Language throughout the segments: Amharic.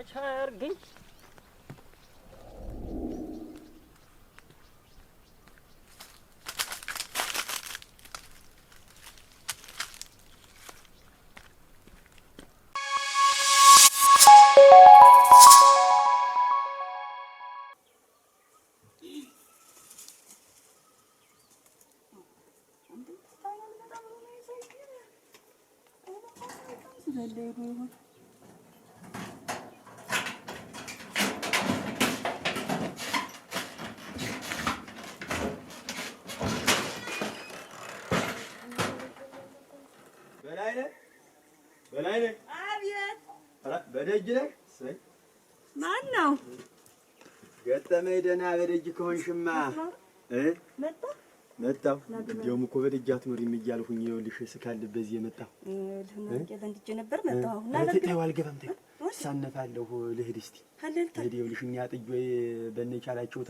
Kaçar genç. Hello. አቤት። በደጅ ነህ? ማን ነው? ገጠመኝ ደህና። በደጅ ከሆንሽማ እ መጣሁ መጣሁ። እንዲያውም እኮ በደጅ አትኖሪም እያልኩኝ ይኸውልሽ ስካልበት እዚህ የመጣሁ ነበር። አልገባም። ተይው ሳነፋለሁ ልሂድ እስኪ ልሂድ። ይኸውልሽ እኛ ጥጆ በእነ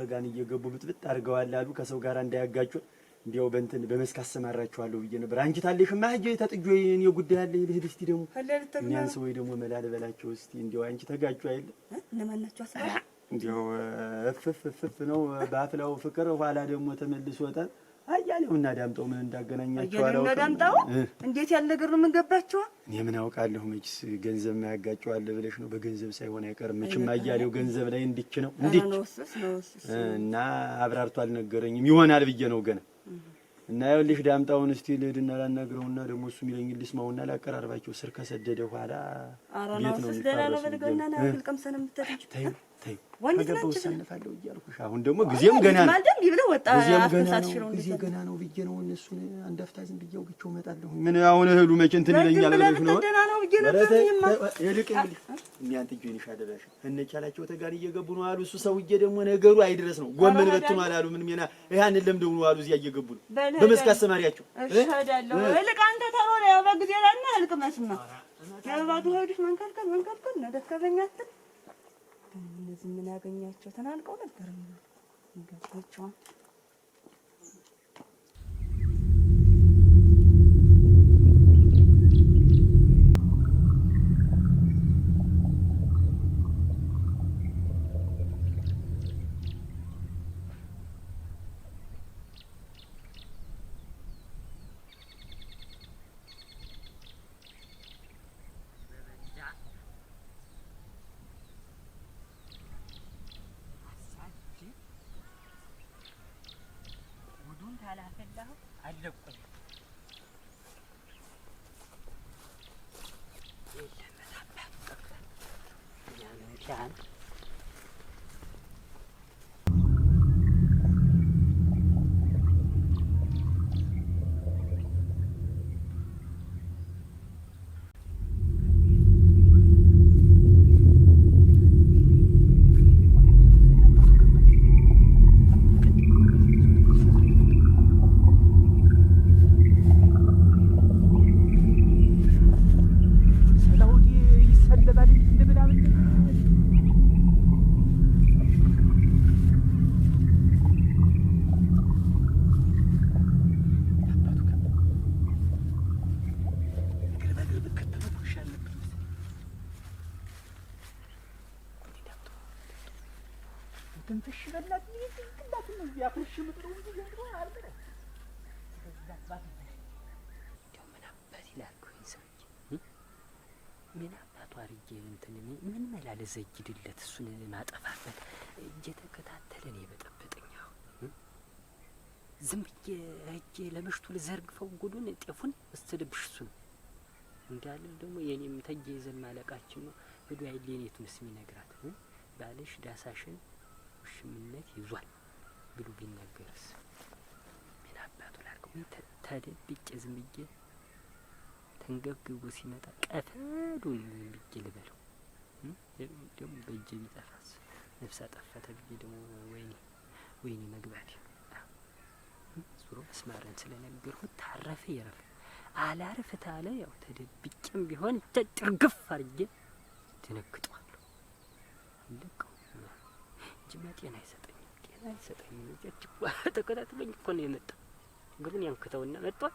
ተጋን እየገቡ ብጥብጥ አድርገዋል አሉ ከሰው ጋር እንዳያጋጩን እንዲያው በእንትን በመስክ አሰማራችኋለሁ ብዬ ነበር። አንቺ ታለሽ ሂጅ ተጥጆ የእኔ ጉዳይ አለኝ ልሂድ። እስኪ ደግሞ እኛን ሰው ደግሞ መላ ልበላቸው እስቲ እንዲያው አንቺ ተጋጩ አይደል? እነማን ናቸው? እንዲያው እፍፍ እፍፍ ነው በአፍላው ፍቅር። ኋላ ደግሞ ተመልሶ ወጣ አያሌው እና ዳምጠው ምን እንዳገናኛቸው አላውቅም። እና ዳምጠው እንዴት ያለ ነገር ነው የምንገባቸው? እኔ ምን አውቃለሁ። መችስ ገንዘብ ማያጋጨዋል ብለሽ ነው? በገንዘብ ሳይሆን አይቀርም መችም። አያሌው ገንዘብ ላይ እንድች ነው እንድች እና አብራርቶ አልነገረኝም። ይሆናል ብዬ ነው ገና እና ይኸውልሽ ዳምጣውን እስቲ ልሂድና ላናግረውና ደግሞ እሱ የሚለኝ ልስማውና ላቀራርባቸው ስር ከሰደደ በኋላ ሰንፋለሁ እያልኩሽ አሁን ደግሞ ጊዜም ገና ነው። ጊዜ ገና ነው ብዬ ነው እነሱን አንድ አፍታ ዝም ብዬ አውግቼው እመጣለሁ። ምን አሁን እህሉ መቼ እንትን ይለኛል ብለሽ ነው? ይልቅ የሚያንት እጁን ይሻደረሽ እነ ቻላቸው ተጋር እየገቡ ነው አሉ። እሱ ሰውዬ ደግሞ ነገሩ አይድረስ ነው። ጎመን በትኗል አሉ። ምን ሜና ያንን ለምደው ነው አሉ። እዚያ እየገቡ ነው በመስክ አሰማሪያቸው። ይልቅ አንተ ተሮሪያ በጊዜ ላይ እና መስማ ገባቱ ሄዱሽ መንከልከል መንከልከል ነው እነዚህ ምን ያገኛቸው ተናንቀው ነበር የሚገባቸዋል። እንትን ምን መላ ልዘይድለት እሱን ማጠፋበት እየተከታተለ ነው የበጠበጠኝ። ዝም ብዬ እጄ ለምሽቱ ልዘርግፈው ጉዱን ጤፉን እስትልብሽ እሱ ነው እንዳለ ደግሞ የኔም ተያይዘን ማለቃችን ነው። ሂዱ አይል የኔቱን ስም ይነግራት ባለሽ ዳሳሽን ውሽምነት ይዟል ብሉ ቢነገርስ ምን አባቱ ላድርገው? ተደብቄ ዝም ብዬ ተንገብግቦ ሲመጣ ቀፈዶ ነው የሚገል በለው ደግሞ በእጄ ቢጠፋስ ነፍስ አጠፋ ተብዬ ደግሞ ወይኔ ወይኔ መግባት ዙሮ መስማረን ስለነገርኩት ታረፈ ይረፍ አላርፍ ታለ ያው ተደብቄም ቢሆን ተጥርግፍ አድርጌ ደነግጧለሁ። አለቀው እንጂማ ጤና አይሰጠኝም፣ ጤና አይሰጠኝም። ተከታትሎኝ እኮ ነው የመጣ እግሩን ያንክተውና መጥቷል።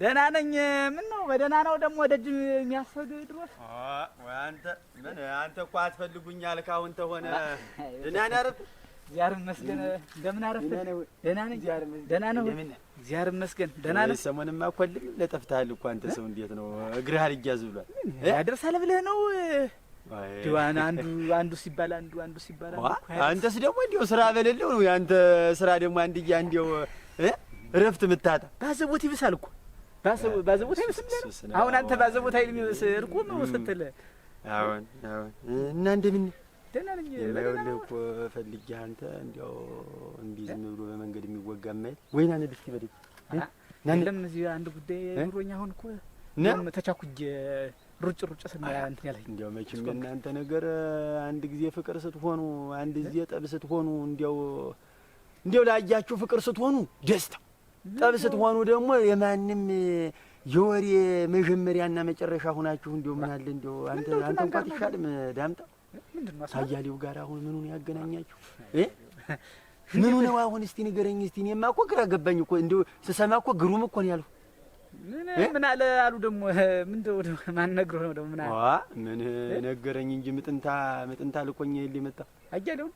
ደህና ነኝ። ምን ነው በደህና ነው። ደግሞ ወደጅ የሚያስፈልግ ድሮስ አንተ ምን አንተ እኮ አትፈልጉኝ አልክ። አሁን ተሆነ ደህና ነህ አይደል? እግዚአብሔር ይመስገን። እንደምን አረፍህ? ደህና ነኝ። ደህና ነው። እግዚአብሔር ይመስገን። ደህና ነህ? ሰሞኑንማ እኮ ልም ለጠፍተሃል እኮ አንተ። ሰው እንዴት ነው እግርህ አልያዝ ብሏል። ያደርሳል ብለህ ነው ዲዋን አንዱ አንዱ ሲባል አንዱ አንዱ ሲባል አንተስ ደግሞ እንዲው ስራ በሌለው ነው ያንተ ስራ ደግሞ አንድያ እንዲው እረፍት የምታጣ ባዘቦት ይብሳል እኮ ባዘቦት አይመስል አሁን አንተ ባዘቦት አይል ስትል አሁን አሁን እና እንደምን ደህና ነኝ። እኮ አንተ እንዲያው እምቢ ዝም ብሎ በመንገድ የሚወጋ እዚህ አንድ ጉዳይ ኑሮኝ አሁን እኮ ሩጭ ሩጭ እንትን ያለኝ እንዲያው መቼም ነገር አንድ ጊዜ ፍቅር ስትሆኑ፣ አንድ ጊዜ ጠብ ስትሆኑ፣ እንዲያው እንዲያው ላያችሁ ፍቅር ስትሆኑ ደስታ ጠብ ስትሆኑ ደግሞ የማንም የወሬ መጀመሪያና መጨረሻ ሁናችሁ እንዲሁ ምን እንዲሁ አንተ አንተ እንኳን ይሻልም ዳምጣ ታያሌው ጋር አሁን ምኑን ያገናኛችሁ ምኑ ነው አሁን? እስቲ ንገረኝ እስቲ። እኔማ እኮ ግራ ገባኝ እኮ እንዲሁ ስሰማ እኮ ግሩም እኮ ነው ያልኩ። ምን ምን አለ አሉ ደግሞ ምን ደው ማን ነግሮ ነው ደግሞ ምን አለ? ምን ነገረኝ እንጂ ምጥንታ ምጥንታ ልኮኝ ይል ይመጣ አያሌው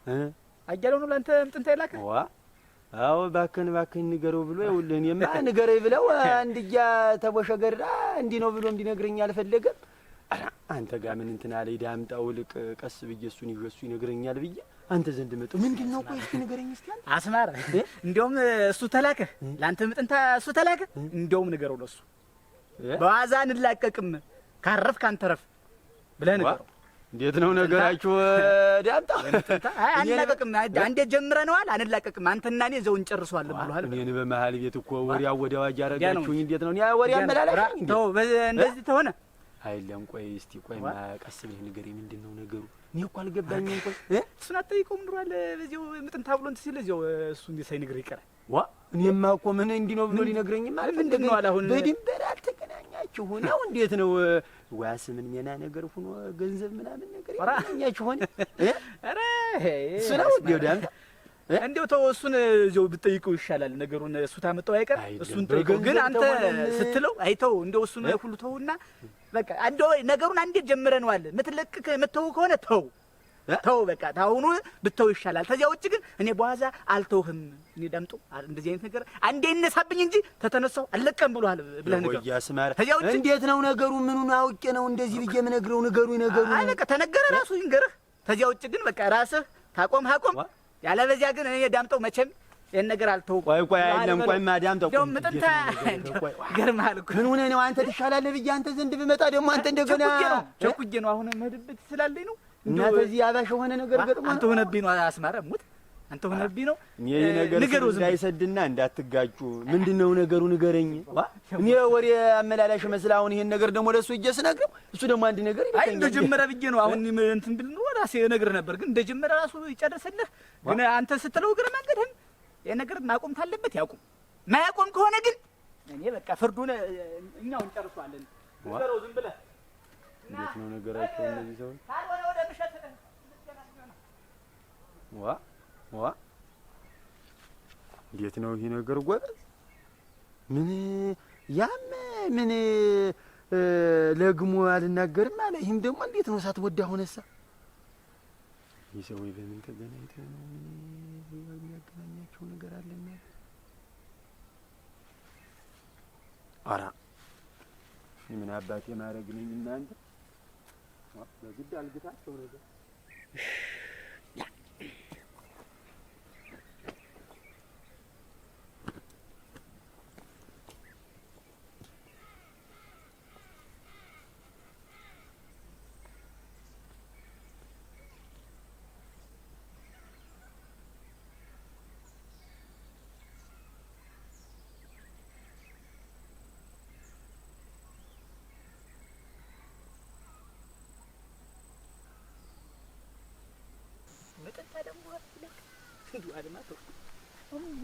አያሌው ነው ለአንተ ምጥንታ ይላከ? አዎ አዎ እባክህን እባክህን ንገረው ብሎ ይኸውልህ፣ እኔማ ንገረኝ ብለው አንድያ ተቦሸገራ እንዲህ ነው ብሎ እንዲነግረኝ አልፈለገም። አንተ ጋ ምን እንትን አለ ዳምጣው ልቅ ቀስ ብዬ እሱን ይዤ እሱ ይነግረኛል ብዬ አንተ ዘንድ መጡ። ምንድን ነው ቆይ እስኪ ንገረኝ እስቲ አንተ አስማረ። እንዲያውም እሱ ተላከ ለአንተ ምጥንታ እሱ ተላከ። እንዲያውም ንገረው ለሱ በዋዛ እንላቀቅም፣ ካረፍ ካንተረፍ ብለህ ንገረው እንዴት ነው ነገራችሁ? ዳምጣ አንላቀቅም። አንዴ ጀምረነዋል፣ አንላቀቅም። አንተና እኔ ዘውን ጨርሷል ብሏል። እኔን በመሀል ቤት እኮ ወዲያ ወዲያ ዋጅ አረጋችሁኝ። እንዴት ነው ወዲያ አመላላሽ? ተው እንደዚህ ተሆነ አይለም። ቆይ እስቲ ቆይ ቀስ ብለህ ንገረኝ፣ ምንድን ነው ነገሩ? እኔ እኮ አልገባኝም። ቆይ እሱን አትጠይቀውም? ኑሯል በዚያው ምጥን ታብሎ እንትን ሲል እዚያው እሱ እንዲህ ሳይነግርህ ይቀራል። ዋ እኔማ እኮ ምን እንዲህ ነው ብሎ ሊነግረኝም አልፈልግም። ምንድን ነው አለ አሁን በድንበር አልተገናኛችሁ ነው? እንዴት ነው ዋስ ምን ሜና ነገር ሁኖ ገንዘብ ምናምን ነገር ያኛችሁ ሆነ። ኧረ እሱ ነው እንዲያው ዳምጣ እንዲያው ተው፣ እሱን እዚያው ብጠይቀው ይሻላል። ነገሩን እሱ ታመጣው አይቀር እሱን ጠይቀው። ግን አንተ ስትለው አይተው እንዲያው እሱን ሁሉ ተውና በቃ አንዴ ነገሩን አንዴ ጀምረነዋል። የምትለቅቅ የምትተው ከሆነ ተው ተው በቃ ታሁኑ ብተው ይሻላል። ተዚያ ውጭ ግን እኔ በዋዛ አልተውህም። እኔ ዳምጡ እንደዚህ አይነት ነገር አንዴ ይነሳብኝ እንጂ ተተነሳው አለቀም ብሏል ብለህ ውጭ እንዴት ነው ነገሩ? ምኑን አውቄ ነው እንደዚህ ብዬ የምነግረው? ንገሩ ይነገሩ አይ ተነገረ ራሱ ይንገርህ። ተዚያ ውጭ ግን በቃ ራስህ ታቆም አቆም። በዚያ ግን እኔ ዳምጠው መቼም ይህን ነገር አልተው። ቆይ ቆይ አይደለም፣ ቆይ ማዳም ተው። ደም ምጥንታ ገርማል እኮ ምን ሆነ ነው አንተ ትሻላለህ ብዬ አንተ ዘንድ ብመጣ ደግሞ አንተ እንደገና ቸኩጄ ነው አሁን መድብት ስላለኝ ነው እና በዚህ አባሽ የሆነ ነገር ገጥሞ አንተ ሆነብኝ ነው አስማረ ሙት አንተ ሆነብኝ ነው። ይሄ ነገር እንዳይሰድና እንዳትጋጩ ምንድነው ነገሩ ንገረኝ። እኔ ወሬ አመላላሽ መስላ አሁን ይሄን ነገር ደግሞ ለሱ እጄ ስነግረው እሱ ደግሞ አንድ ነገር ይለኛል። አይ እንደጀመረ ብዬ ነው አሁን እንትን ብል ነው ራሴ እነግርህ ነበር፣ ግን እንደጀመረ ራሱ ይጨርስልህ። ግን አንተ ስትለው እግረ መንገድህም ይሄ ነገር ማቆም ካለበት ያቁም። ማያቆም ከሆነ ግን እኔ በቃ ፍርዱን እኛው እንጨርሷለን። ንገረው ዝም ብለህ እንዴት ነው ነገራቸው? እነዚህ ሰዎች ዋ ዋ እንዴት ነው ይሄ ነገር ጎበዝ? ምን ያም ምን ለግሞ አልናገርም አለ። ይህም ደግሞ እንዴት ነው ሳትወዳ ሆነሳ? ይህ ሰዎች በምን ተገናኝተው ነው? ምን የሚያገናኛቸው ነገር አለና? አራ ምን አባቴ ማድረግ ነኝ እናንተ Böyle bir belgesel söyledi.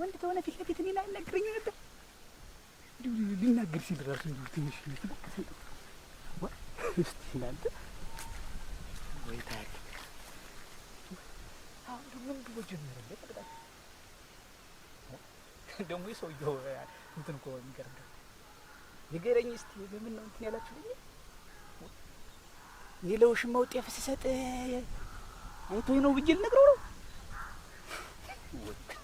ወንድ ከሆነ ፊት ለፊት እኔን አይናገረኝ ነበር። ሊናገር ሲል ራሱ ትንሽ እስቲ እናንተ ወይ ታል አሁን ምን ብሎ ጀመረ ደግሞ የሰውየው እንትን እኮ የሚገርም ንገረኝ እስቲ በምን ነው እንትን ያላችሁ ያላችሁኝ? ይህ ለውሽ ጤፍ ስሰጥ አይቶኝ ነው ብዬ ልነግረው ነው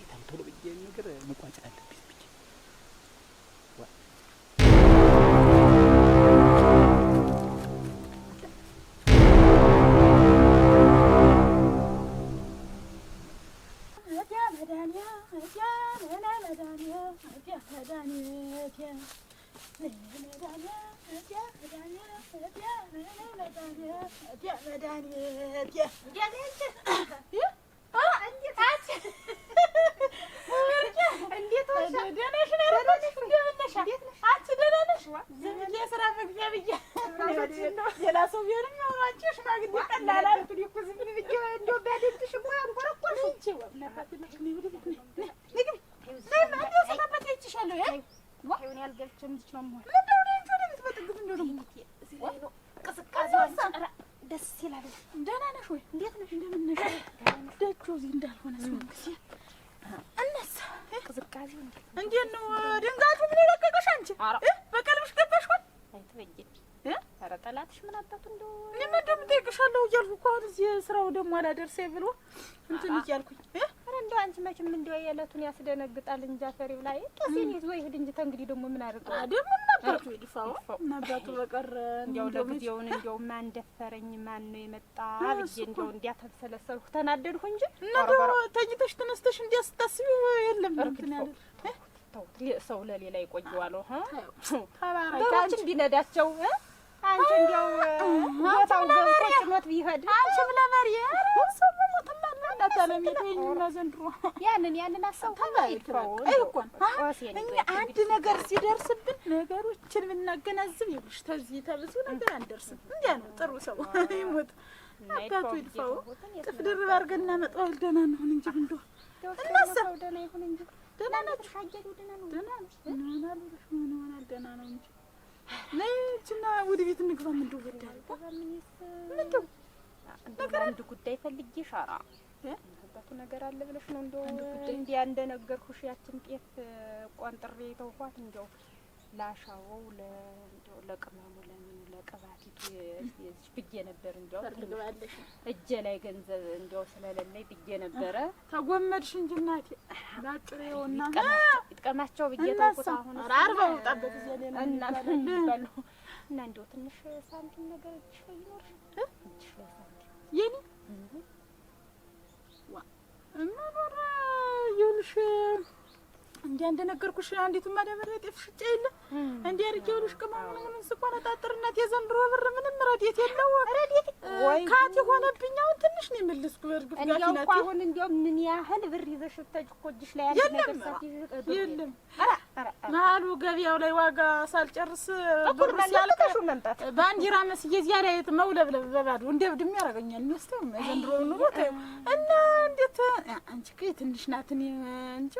በጣም ቶሎ ብዬ ነገር መቋጨት አለብኝ። ደህና ነሽ ወይ? እንዴት ነሽ? እንደምን ነሽ? ደህና እዚህ እንዳልሆነ እንዴት ነው ድንጋቱ? ምን የለቀቀሽ አንቺ? በቀልብሽ ገባሽ ሆን ኧረ ጠላትሽ ምን አባቱ እንደው እኔማ እንደውም እጠይቅሻለሁ እያልኩ እኮ አሁን እዚህ ስራው ደግሞ አላደርሰኝ ብሎ እንትን እያልኩኝ ኧረ እንደው አንቺ መቼም እንደው የዕለቱን ያስደነግጣል እንጂ አፈሪ ብላ ጦሴን ይዞ ይሄድ እንጂ ተንግዲህ ደግሞ ምን አደርገዋለሁ ደግሞ አባቱ በቀር እንዲያው ለጊዜውን እንዲያው ማን ደፈረኝ ማን ነው የመጣ ብዬ እንዲያው እንዲያተብሰለሰልኩ ተናደድኩ እንጂ እና ተኝተሽ ተነስተሽ እንዲያስታስቢው የለም እንትን ያለ ሰው ለሌላ ይቆየዋል። በሮችን ቢነዳቸው አንቺ እንዲያው ቦታው ገብቶ ጭኖት ቢሄድ አንቺ ብለህ መሪ አንድ ነገር ሲደርስብን ነገሮችን ብናገናዝብ ይኸውልሽ ተዚህ ተብዙ ነገር አንደርስም። እንዲያ ነው ጥሩ ሰው ይሞት አባቱ ይድፋው። ጥፍ ድርብ አድርገን እናመጣዋል። ደህና እንሁን እንጂ እንደው ደህና ናችሁ? ደህና ነው ደህና ነው እንጂ ነይችና ወደ ቤት እንግባ። ምንድን ወዳለ ምንድን ነገር አንድ ጉዳይ ፈልጌ ሻራ ያልገባኩ ነገር አለ ብለሽ ነው? እንደው እንዲያ እንደነገርኩሽ ያችን ጤፍ ቆንጥሬ ተውኳት። እንደው ላሻወው ለቅመሙ ለምኑ ለቅባቲቱ የዚች ብዬ ነበር። እንደው እጄ ላይ ገንዘብ እንደው ስለሌለኝ ብዬ ነበረ። ተጎመድሽ እንጂ እናቴ ላጥሬውና ይጥቀማቸው ብዬ ተውኩት። አሁን አርባው ጣበት እና እና እንደው ትንሽ ሳንቲም ነገር እጅሽ ላይ ይኖርሽ እጅሽ ላይ ሳንቲም የኔ መኖር ይኸውልሽ እንዲያ እንደነገርኩሽ አንዲቱን ማዳበሪያ ጤፍ ሽጬ የለ እንዲያ አድርጌ ይኸውልሽ ቅመሙን ምኑን ስቆነጣጥር የዘንድሮ ብር ምንም ረድኤት የለው ረድኤት ካት የሆነብኝ አሁን ትንሽ ነው የመለስኩ። በእርግፍ ጋር ናት አሁን እንዲያው ምን ያህል ብር ይዘሽ እኮ ላይ ያለ ነገር ሳትይዝ የለም መሀሉ ገበያው ላይ ዋጋ ሳልጨርስ ብር ባንዲራ መስዬ እዚያ ላይ መውለብለብ በባዶ እንደ ያደርገኛል። ዘንድሮ ኑሮ እና እንዴት አንቺ ትንሽ ናትን እንጂ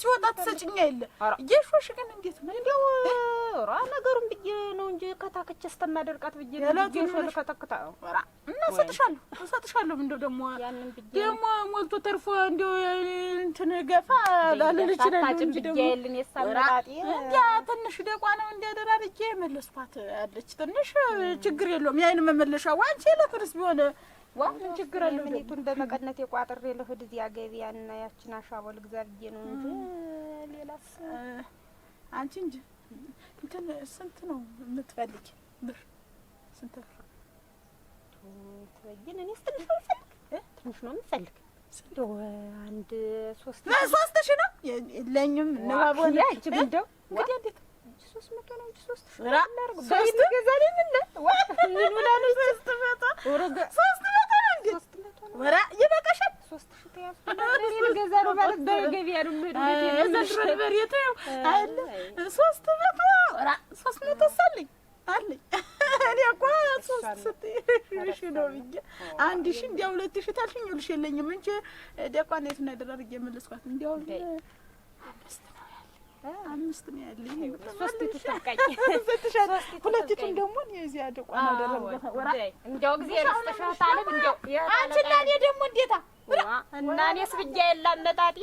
ሲወጣ ትሰጭኛ የለ እየሾሽ ግን እንዴት ነው ራ ነገሩን ብዬ ነው እንጂ ከታክቼ እስተማደርቃት ብዬ ከታክታ እና እሰጥሻለሁ እሰጥሻለሁ እንደው ደግሞ ደግሞ ሞልቶ ተርፎ እንደው እንትን ገፋ ላለልችለጭ ብዬልን የሳመጣጤ እንዲያ ትንሽ ደቋ ነው እንዲያ ደራርጄ መለስኳት አለች ትንሽ ችግር የለውም ያይን መመለሻ ዋንቺ ለፍርስ ቢሆን ዋ ምን ችግር አለው? ምንቱን በመቀነት የቋጥር ልሂድ እዚያ ገበያ እና ያችን አሻቦ ልግዛ ብዬ ነው እንጂ ሌላስ አንቺ እንጂ እንትን ስንት ነው የምትፈልጊ? ብር ስንት ብር ትበይን? እኔስ ትንሽ ነው የምፈልግ፣ ትንሽ ነው የምፈልግ። አንድ ሶስት ሶስት ሺህ ነው የለኝም። ንባቦን ያቺ ብንደው እንግዲህ እንዴት ሶስት መቶ ነው እንጂ ሶስት ሺህ ነው የሚገዛልኝ። ምን ሶስት መቶ ይበቃሻል። ሶስት መቶ ሶስት መቶ ሳለኝ አለኝ እኔ እኮ ሶስት ስትይ እሺ ነው ብዬሽ አንድ ሺህ እንዲያው ሁለት ሺህ ታልሽኝ ይኸውልሽ የለኝም እንጂ ደቋን የት ነው ያደረግህ? የመለስኳት እንዲያው አምስት ነው ያለኝ። ሁለቱን ደግሞ እዚያ ደቋን አደረግኩት። እንደው እግዚአብሔር ይስጥሽ እህት አለም። እንደው አንቺ እና እኔ ደግሞ እንዴታ እና እኔስ ብዬሽ የለ አመጣጤ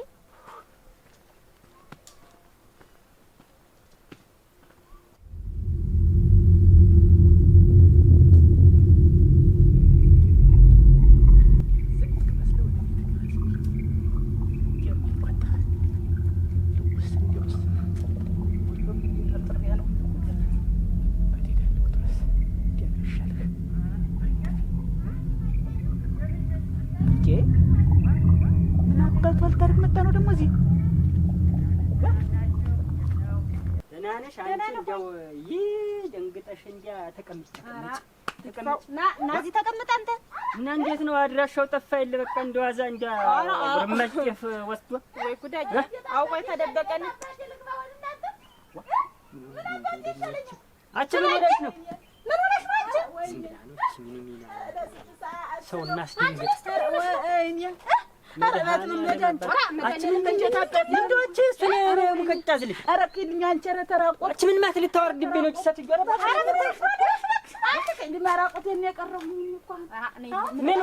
ተቀመጥ ተቀመጥ አንተ እና እንዴት ነው አድራሻው ጠፋ የለ በቃ እንደው አዛ እንደ መጨፍ ወስዶ ወይ ጉዳ አውቆ የተደበቀን አንቺ ምን ነው ሰው እናስደንግጥ ምን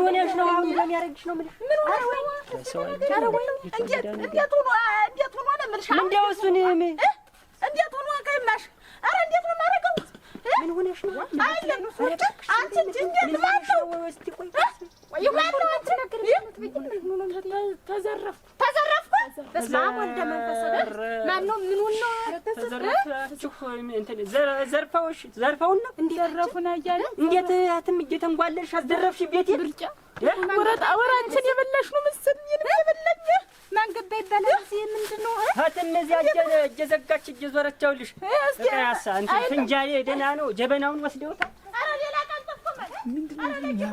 ሆነሽ ነው? አሁን የሚያደርግሽ ነው የምልሽ። ምን ሆነ ወይ? እንዴት እንዴት ሆኖ እንዴት ሆኖ ነው የምልሽ። እንደው እሱን እንዴት ሆኖ ከይማሽ። ኧረ እንዴት ነው የማደርገው ምን ሆነሽ ነው? ተዘረፍኩ ተዘረፍኩ በስመ አብ ወልደ መንፈስ ቅዱስ ማነው? ምኑን ነው ዘርፈውሽ? ነው እንደረፉና እየተንጓለልሽ አዘረፍሽ ቤቴ ብርጫ ወረጣ ወራ አንቺን የበላሽ ነው መሰለኝ። የበላኝ ማንገባ ይባላል። ምንድን ነው እህትም እዚያ እየዘጋች እየዞረች አውልሽ ፍንጃሌ ደህና ነው። ጀበናውን ወስደውታል። ምንድን ነው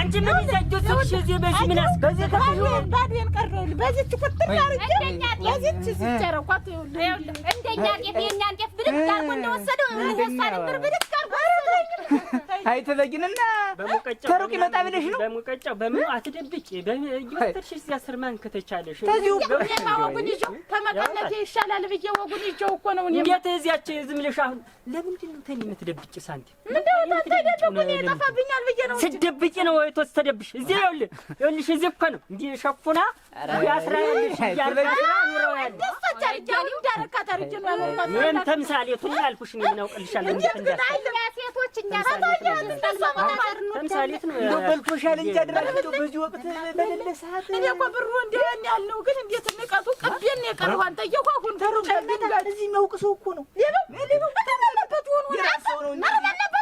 አንቺ ምን ይዛጆች እዚህ በዚህ ምን አስገዘ ከፈዩ ባዲን ቀረው በዚህ ትኩጥር ያርጀ በዚህ ሲጨረ ኳት ይውል እንደኛ ጤፍ የኛ ጤፍ ብድግ አርጎ እንደወሰደው ወሳ ነበር ብድግ አርጎ አይተበግንና ከሩቅ ይመጣ ብለሽ ነው በሙቀጫው በምን አትደብቂ በይወጥሽ እዚያ ስር ማን ከተቻለሽ ተዚሁ ወጉን ይዤው ከመቀነቴ ይሻላል ብዬ ወጉን ይዤው እኮ ነው እኔ እዚያች ዝም ብለሽ አሁን ለምንድን ነው ተኔ የምትደብቂ? ሳንቲም እንደው ነው የጠፋብኛል ብዬ ነው። ስትደብቂ ነው ወይ ቶስ ተደብሽ? እዚህ ይኸውልሽ እዚህ እኮ ነው እንዲህ ሸፉና ያስራ ተምሳሌ ተምሳሌቱን ያልኩሽ እኔ ተምሳሌት ነው በልቶሻል እንጂ በዚህ ወቅት በሌለሰዓት እኔ እኮ ብሩ እንዲሆን ያልነው ግን እንዴት ንቀቱ ቅቤን የቀረው እዚህ የሚያውቅ ሰው እኮ ነው ሌባ ሌባ phone on. Get that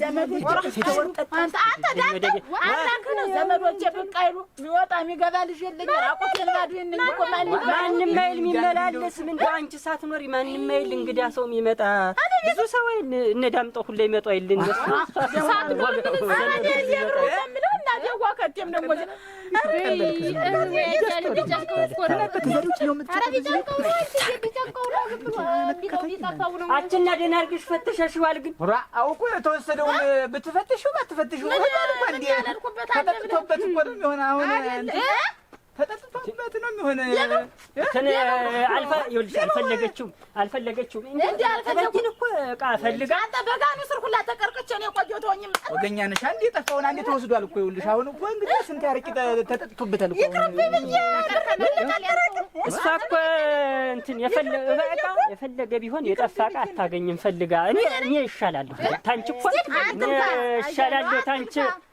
ዘመዶቼ ብቅ አይሉ ቢወጣ የሚገባ ልጅ የለኝም። አቁቴን ባዶ ማንም አይል የሚመላለስም እንደ አንቺ ሳትኖሪ ማንም አይል እንግዳ ሰው የሚመጣ ብዙ ሰው እነ ዳምጠው ሁላ ይመጡ አይል እነሱ አችና ደህና አድርገሽ ፈተሻሽዋል። ግን አውቁ የተወሰደውን ብትፈትሺው ባትፈትሺው ተጠጥቶበት እኮ ነው የሚሆን አሁን ያለሁበት ነው የሚሆነ አልፈለገችውም አልፈለገችውም እንዴ አልፈለጉኝ እኮ ዕቃ ፈልጋ አንተ በጋኑ ስር ሁላ ተቀርቅቼ ነው የቆየሁት። ወኝም ወገኛ ነሽ። አንዴ ጠፋውን አንዴ ተወስዷል እኮ ይኸውልሽ። አሁን እኮ እንግዲህ ስንት ያርቂ ተጠጥቶበታል እኮ እሷ እኮ እንትን የፈለገ ቢሆን የጠፋ ዕቃ አታገኝም ፈልጋ። እኔ እኔ ይሻላለሁ ታንቺ እኮ ይሻላለሁ ታንቺ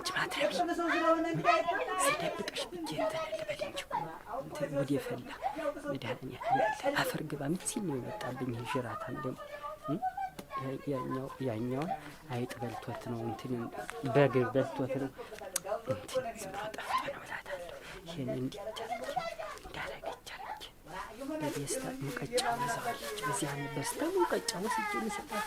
አንቺ ማትረቢ ስደብቅሽ ብዬ እንትን እንጂ እንትን ወደ ፈላ መድኃኒያ ያለ አፈር ግባ ምት ሲል ነው የመጣብኝ። ይሽራታል ደግሞ ያኛው ያኛውን አይጥ በልቶት ነው እንትን በግ በልቶት ነው እንትን ዝም ብሎ ጠፍቶ ነው እላታለሁ። ይሄን እንዲቻለች እንዳረገቻለች በደስታ ሙቀጫ ይዘዋለች። በዚያ በስታ ሙቀጫ ወስጄ ምሰጣት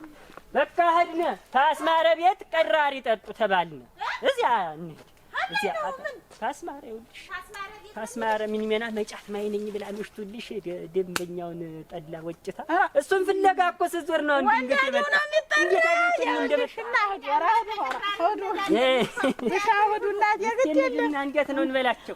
በቃ ሄድነ ታስማረ ቤት ቀራሪ ጠጡ ተባልነ እዚያ እንሂድ። እዚያ ታስማረ ይኸውልሽ፣ ታስማረ ምን ይመና መጫት ማይነኝ ብላ ምሽቱልሽ ደንበኛውን ጠላ ወጭታ እሱን ፍለጋ እኮ ስዞር ነው እንድንገት ነው እንበላቸው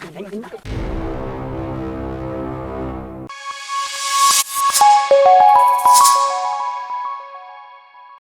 Thank you.